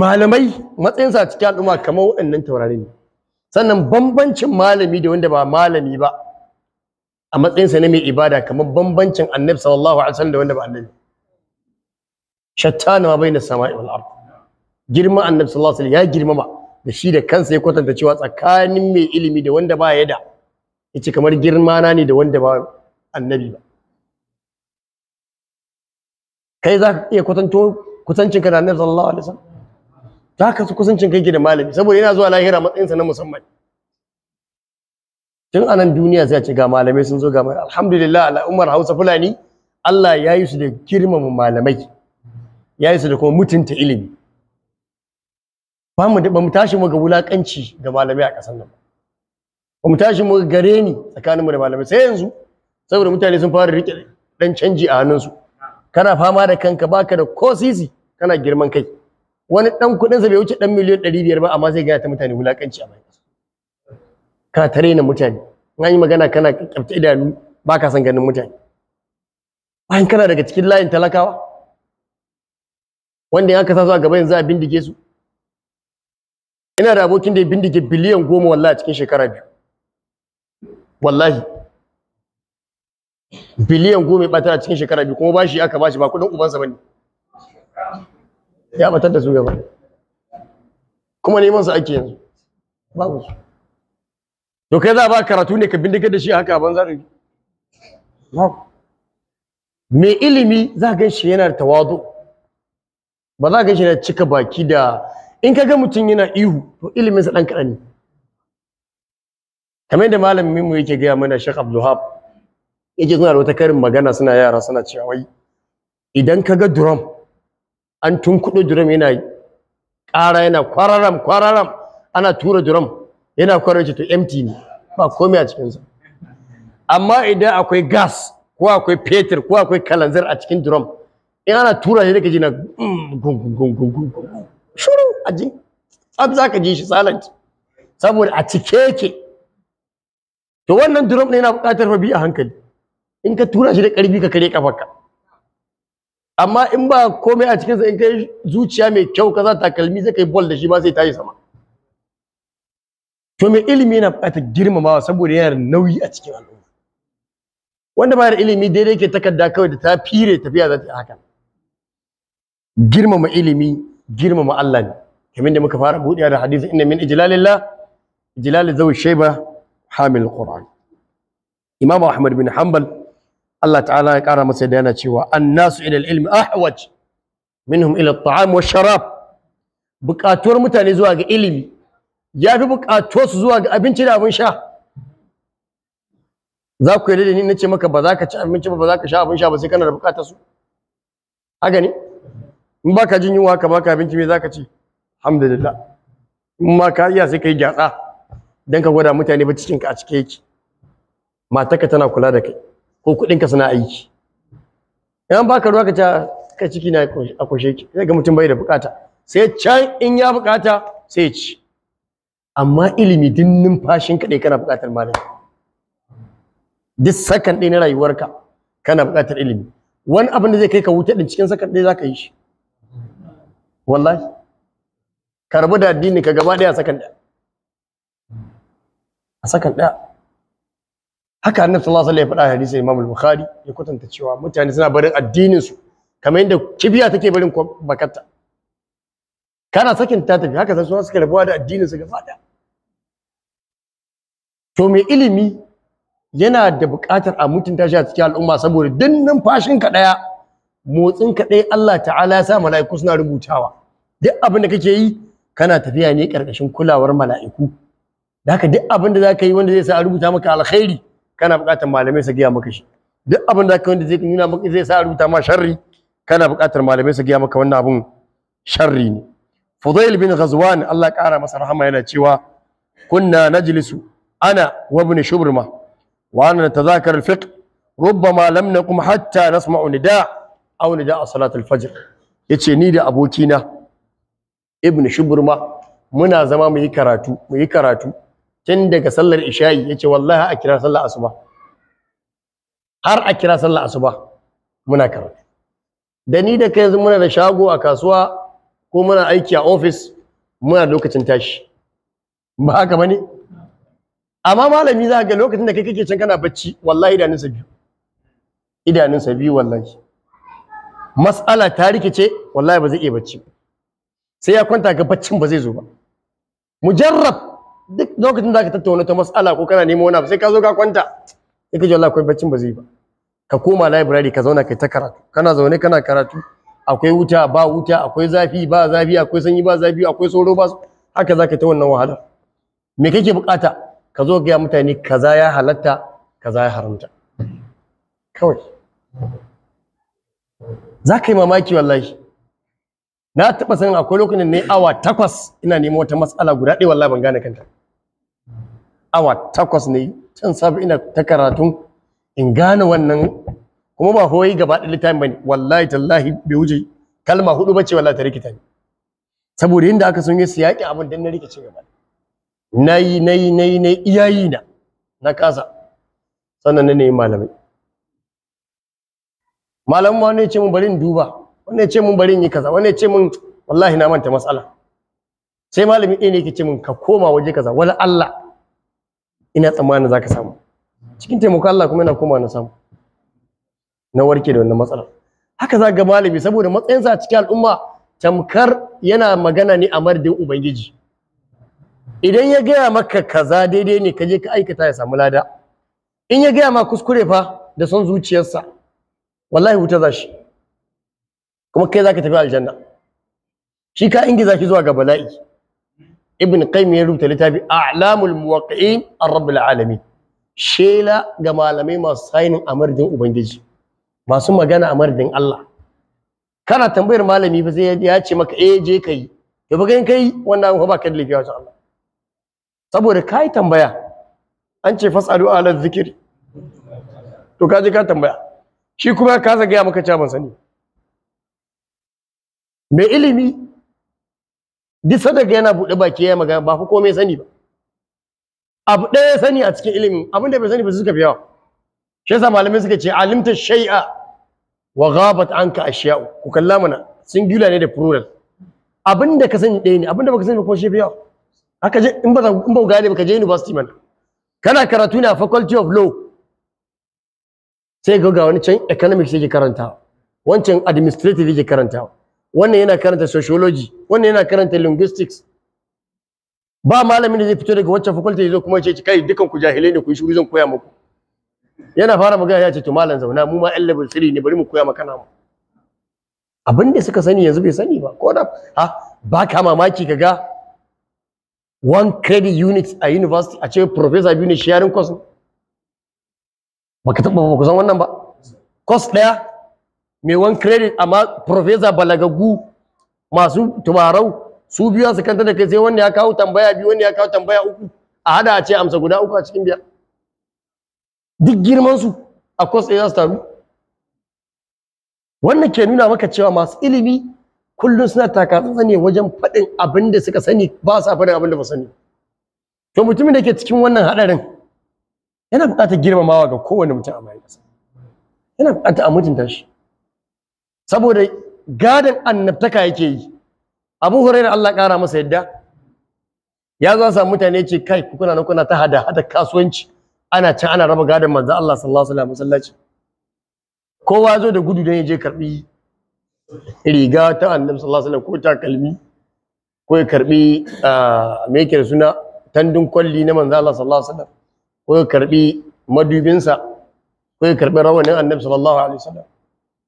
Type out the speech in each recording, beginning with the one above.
malamai matsayinsa a cikin al'umma kamar waɗannan taurari ne sannan bambancin malami da wanda ba malami ba a matsayinsa na mai ibada kamar bambancin annabi sallallahu alaihi wasallam da wanda ba annabi shattana ma baina sama'i wal ard girma annabi sallallahu alaihi wasallam ya girmama da shi da kansa ya kwatanta cewa tsakanin mai ilimi da wanda ba ya da yace kamar girma na ne da wanda ba annabi ba kai za ka iya kwatanto kusancinka da annabi sallallahu alaihi wasallam ta ka su kusancin kai da malami saboda yana zuwa lahira matsayinsa na musamman tun anan duniya sai ce ga malamai sun zo ga malamai alhamdulillah umar hausa fulani Allah ya yi su da girmama malamai ya yi su da kuma mutunta ilimi ba mu tashi mu ga wulakanci ga malamai a ƙasar nan ba tashi mu ga gare ni tsakaninmu da malamai sai yanzu saboda mutane sun fara rike dan canji a hannunsu kana fama da kanka baka da ko sisi kana girman kai wani dan kudin sa bai wuce dan miliyan 500 ba amma zai ga ta mutane wulakanci a bayan ka tare na mutane in an yi magana kana kafta idanu ba ka san ganin mutane bayan kana daga cikin layin talakawa wanda in aka sa su a gaba yanzu a bindige su ina da abokin da ya bindige biliyan goma wallahi a cikin shekara biyu wallahi biliyan goma ya bata a cikin shekara biyu kuma bashi aka bashi ba kudin ubansa bane ya batar da su gaba kuma neman su ake yanzu babu su to kai za ba karatu ne ka bindiga da shi haka ban zari me ilimi za ka shi yana da tawadu ba za ka shi yana cika baki da in ka ga mutum yana ihu to iliminsa ɗan kaɗan ne kamar da malamin mu yake gaya mana Sheikh Abdulhab yake suna da wata karin magana suna yara suna cewa wai idan ka ga drum an tunkuɗo drum yana ƙara yana kwararam kwararam ana tura drum yana kwararci to empty ne ba komai a cikinsa amma idan akwai gas ko akwai fetur ko akwai kalanzir a cikin drum in ana tura shi daga jina shuru a ji ab za ka ji shi silent saboda a cike yake to wannan drum ne yana buƙatar fa a hankali in ka tura shi da ƙarfi ka kare kafarka amma in ba komai a cikinsa in kai zuciya mai kyau ka za takalmi sai kai bol da shi ba sai tayi sama to mai ilimi yana buƙatar girmamawa saboda yana nauyi a cikin al'umma wanda ba da ilimi daidai ke takarda kawai da ta fire tafiya za ta yi haka. girmama ilimi girmama Allah ne kamar da muka fara buɗewa da hadisi inna min ijlalillah ijlal zawi shayba hamil qur'an imam ahmad bin hanbal Allah ta'ala ya ƙara masa da yana cewa nasu ilal ilmi ahwaj minhum ila ta'am wa sharab buƙatuwar mutane zuwa ga ilimi ya fi buƙatuwar su zuwa ga abinci da abin sha za ku yi da ni na ce maka ba za ka ci abinci ba ba za ka sha abin sha ba sai kana da buƙatar su haka ne in ba ka jin yunwa ka ba ka abinci me za ka ci alhamdulillah in ma ka iya sai ka yi gyatsa don ka gwada mutane ba cikinka a cike yake matarka tana kula da kai ko kuɗin ka suna aiki yan baka ruwa ka ta ka ciki na a kwashe ki sai ga mutum bai da bukata sai can in ya bukata sai ci amma ilimi din numfashin ka dai kana bukatar malami duk sakan ɗaya na rayuwarka kana bukatar ilimi wani abin da zai kai ka wuta din cikin sakan ɗaya zaka yi shi wallahi ka rabu da addini ka gaba ɗaya sakan ɗaya a sakan ɗaya haka annabi sallallahu alaihi wasallam ya faɗa hadisin Imam al-Bukhari ya kwatanta cewa mutane suna barin addinin su kamar yadda kibiya take barin bakarta kana sakin ta tafi haka sai su suka rabuwa da addinin su gaba to mai ilimi yana da buƙatar a mutunta shi a cikin al'umma saboda duk numfashin ka daya motsin ka daya Allah ta'ala ya sa mala'iku suna rubutawa duk abin da kake yi kana tafiya ne karkashin kulawar mala'iku da haka duk abin da zaka yi wanda zai sa a rubuta maka alkhairi kana buƙatar malamai su gaya maka shi duk abin da wanda zai nuna maka zai sa rubuta ma sharri kana buƙatar malamai su gaya maka wannan abin sharri ne Fudail bin Ghazwan Allah ƙara masa rahama yana cewa kunna najlisu ana wa ibn Shubrma wa ana natazakar al-fiqh rubbama lam naqum hatta nasma'u nida aw nida salat al yace ni da abokina ibn Shubrma muna zama mu karatu mu yi karatu tun daga sallar isha'i ce wallahi a kira sallar asuba har a kira sallar asuba muna karatu da ni da kai muna da shago a kasuwa ko muna aiki a ofis muna lokacin tashi ba haka bane amma malami za ga lokacin da kai kake can kana bacci wallahi idanunsa biyu idanunsa biyu wallahi mas'ala ta rikice wallahi ba zai iya bacci sai ya kwanta ga baccin ba zai zo ba mujarrab duk lokacin da ka tattauna ta mas'ala ko kana nemo wani abu sai ka zo ka kwanta sai ka ji Allah akwai baccin ba zai ba ka koma library ka zauna kai ta karatu kana zaune kana karatu akwai wuta ba wuta akwai zafi ba zafi akwai sanyi ba zafi akwai tsoro ba haka zaka ta wannan wahala me kake bukata ka zo ga mutane kaza ya halatta kaza ya haramta kawai za yi mamaki wallahi na taɓa sanin akwai lokacin ne awa takwas ina neman wata matsala guda ɗaya wallahi ban gane kanta awa takwas ne can safi ina ta karatun in gane wannan kuma ba hoyi gaba ɗaya littafin ba ne. wallahi tallahi bai wuce kalma hudu ce wallahi ta rikita ne saboda yadda aka sun yi su yaƙi abin don na rikice gaba na yi na yi na yi na iyayi na na kasa sannan na ne malamai malamin ma ne ce mu bari in duba wannan ya ce mun bari in yi kaza wannan ya ce mun wallahi na manta matsala sai malamin ɗaya ne yake ce mun ka koma waje kaza wala Allah ina tsammanin zaka samu cikin taimakon Allah kuma yana koma na samu na warke da wannan matsalar haka za ga malami saboda matsayinsa a cikin al'umma tamkar yana magana ne a mardin ubangiji idan ya gaya maka kaza daidai ne ka je ka aikata ya samu lada in ya gaya ma kuskure fa da son zuciyarsa wallahi wuta za shi kuma kai zaka tafi aljanna shi ka ingiza shi zuwa ga bala'i ibn qayyim ya rubuta littafi a'lamul muwaqqi'in ar-rabbil alamin shela ga malamai masu sainin amardin ubangiji masu magana amardin Allah kana tambayar malami fa sai ya ce maka eh je kai to ba kai wannan abin ba ka da lafiya wajen Allah saboda kai tambaya an ce fasalu ala zikiri to kaje ka tambaya shi kuma ka zaga ya maka cewa ban sani mai ilimi duk sadaka yana buɗe baki ya magana ba fa komai sani ba abu ɗaya sani a cikin ilimin abin da bai sani ba suka fi yawa shi yasa malamai suka ce alimta shay'a wa ghabat anka ashiya'u ku kalla mana singular ne da plural abin da ka sani ɗaya ne abin da baka sani ba kuma shi fi yawa haka je in ba in ba gane ba ka je university man kana karatu ne a faculty of law sai ga ga wani can economics yake karantawa wancan administrative yake karantawa wannan yana karanta sociology wannan yana karanta linguistics ba malamin da zai fito daga wacce faculty zai kuma ce kai dukan ku jahilai ne ku yi shiru zan koya muku yana fara magana ya ce to malam zauna mu ma ɗan level 3 ne bari mu koya maka namu abin da suka sani yanzu bai sani ba ko da ha ba ka mamaki ka ga one credit unit a university a ce professor biyu ne sharing course baka taba ba ku san wannan ba course daya mai wani credit amma professor balagagu masu tumarau su biyu su kanta da kai sai wanda ya kawo tambaya biyu wanda ya kawo tambaya uku a hada a ce amsa guda uku a cikin biyar duk girman su a kwas ɗaya za su taru wannan ke nuna maka cewa masu ilimi kullum suna taka ne wajen faɗin abin da suka sani ba sa faɗin abin da ba sani to mutumin da ke cikin wannan haɗarin yana buƙatar girmamawa ga kowane mutum a bayan ƙasa yana buƙatar a mutunta shi saboda gadon annabtaka yake yi abu hurairah Allah kara masa yadda ya zo sa mutane ce kai kuna nan kuna ta hada hada kasuwanci ana can ana raba gadon manzo Allah sallallahu alaihi wasallam masallaci kowa zo da gudu don ya je karbi riga ta annabi sallallahu alaihi wasallam ko takalmi ko ya karbi me yake da suna tandun kwalli na manzo Allah sallallahu alaihi wasallam ko ya karbi madubinsa ko ya karbi rawanin annabi sallallahu alaihi wasallam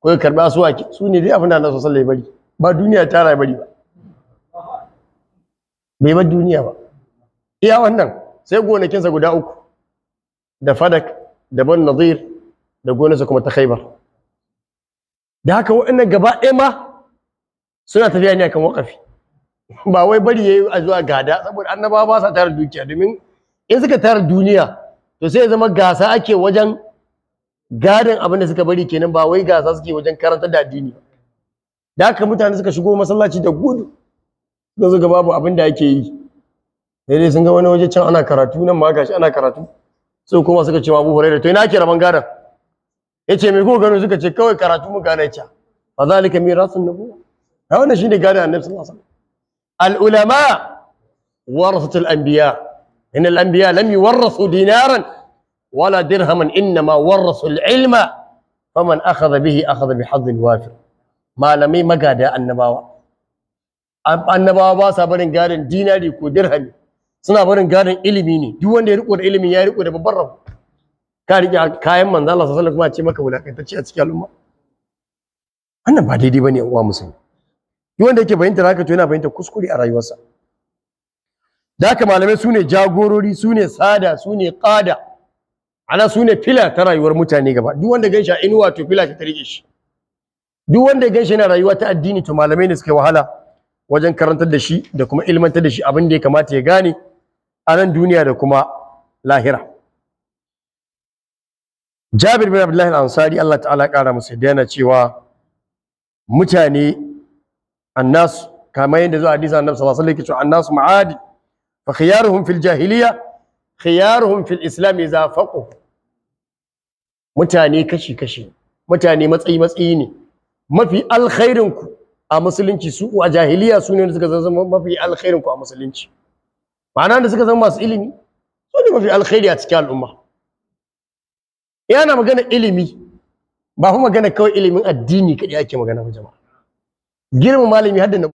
ko ya karɓi asuwaki su ne dai abin da Allah sallallahu bari ba duniya ta rayu bari ba bai bar duniya ba iya wannan sai gonakinsa guda uku da fadak da ban nazir da gonarsa kuma ta khaibar da haka waɗannan gaba ɗaya ma suna tafiya ne akan waƙafi ba wai bari yayi a zuwa gada saboda annabawa ba sa tara dukiya domin in suka tara duniya to sai ya zama gasa ake wajen gadin abin da suka bari kenan ba wai gasa suke wajen karanta da addini da haka mutane suka shigo masallaci da gudu da zuga babu abin da ake yi sai dai sun ga wani waje can ana karatu nan ma gashi ana karatu su kuma suka ce Abu Hurairah to ina ake rabon gadon yace me ko gano suka ce kawai karatu mu gane cha fa zalika mirasun nubuwa ha wannan shine gadon Annabi sallallahu alaihi wasallam al ulama warasatul anbiya in al anbiya lam yuwarrasu dinaran wala dirhaman innama warasul ilma faman akhadha bihi akhadha bi hadhin wafir malamai magada annabawa annabawa ba sa barin gadin dinari ko dirhami suna barin gadin ilimi ne duk wanda ya riko da ilimi ya riko da babban rabu ka rike kayan manzo Allah sallallahu alaihi wasallam kuma ce maka wulakantacce a cikin al'umma wannan ba daidai bane uwa musulmi duk wanda yake fahimtar haka to yana fahimtar kuskure a rayuwarsa da haka malamai su ne jagorori su ne sada su ne ƙada ana su ne fila ta rayuwar mutane gaba duk wanda gan shi a inuwa to fila ta rike shi duk wanda gan shi na rayuwa ta addini to malamai ne suka wahala wajen karantar da shi da kuma ilmantar da shi abin da ya kamata ya gane a nan duniya da kuma lahira Jabir bin Abdullahi al-Ansari Allah ta'ala kara masa da yana cewa mutane annas kamar yadda zuwa hadisi annabi sallallahu alaihi wasallam yake cewa annas ma'adi fa khiyaruhum fil jahiliya khiyaruhum fil islam idza mutane kashi kashi mutane matsayi matsayi ne mafi alkhairin ku a musulunci su a jahiliya su ne da suka zama mafi alkhairin ku a musulunci ma'ana da suka zama masu ilimi su ne mafi alkhairi a cikin al'umma yana magana ilimi ba fa magana kawai ilimin addini kaɗai ake magana ba jama'a girma malami hadda na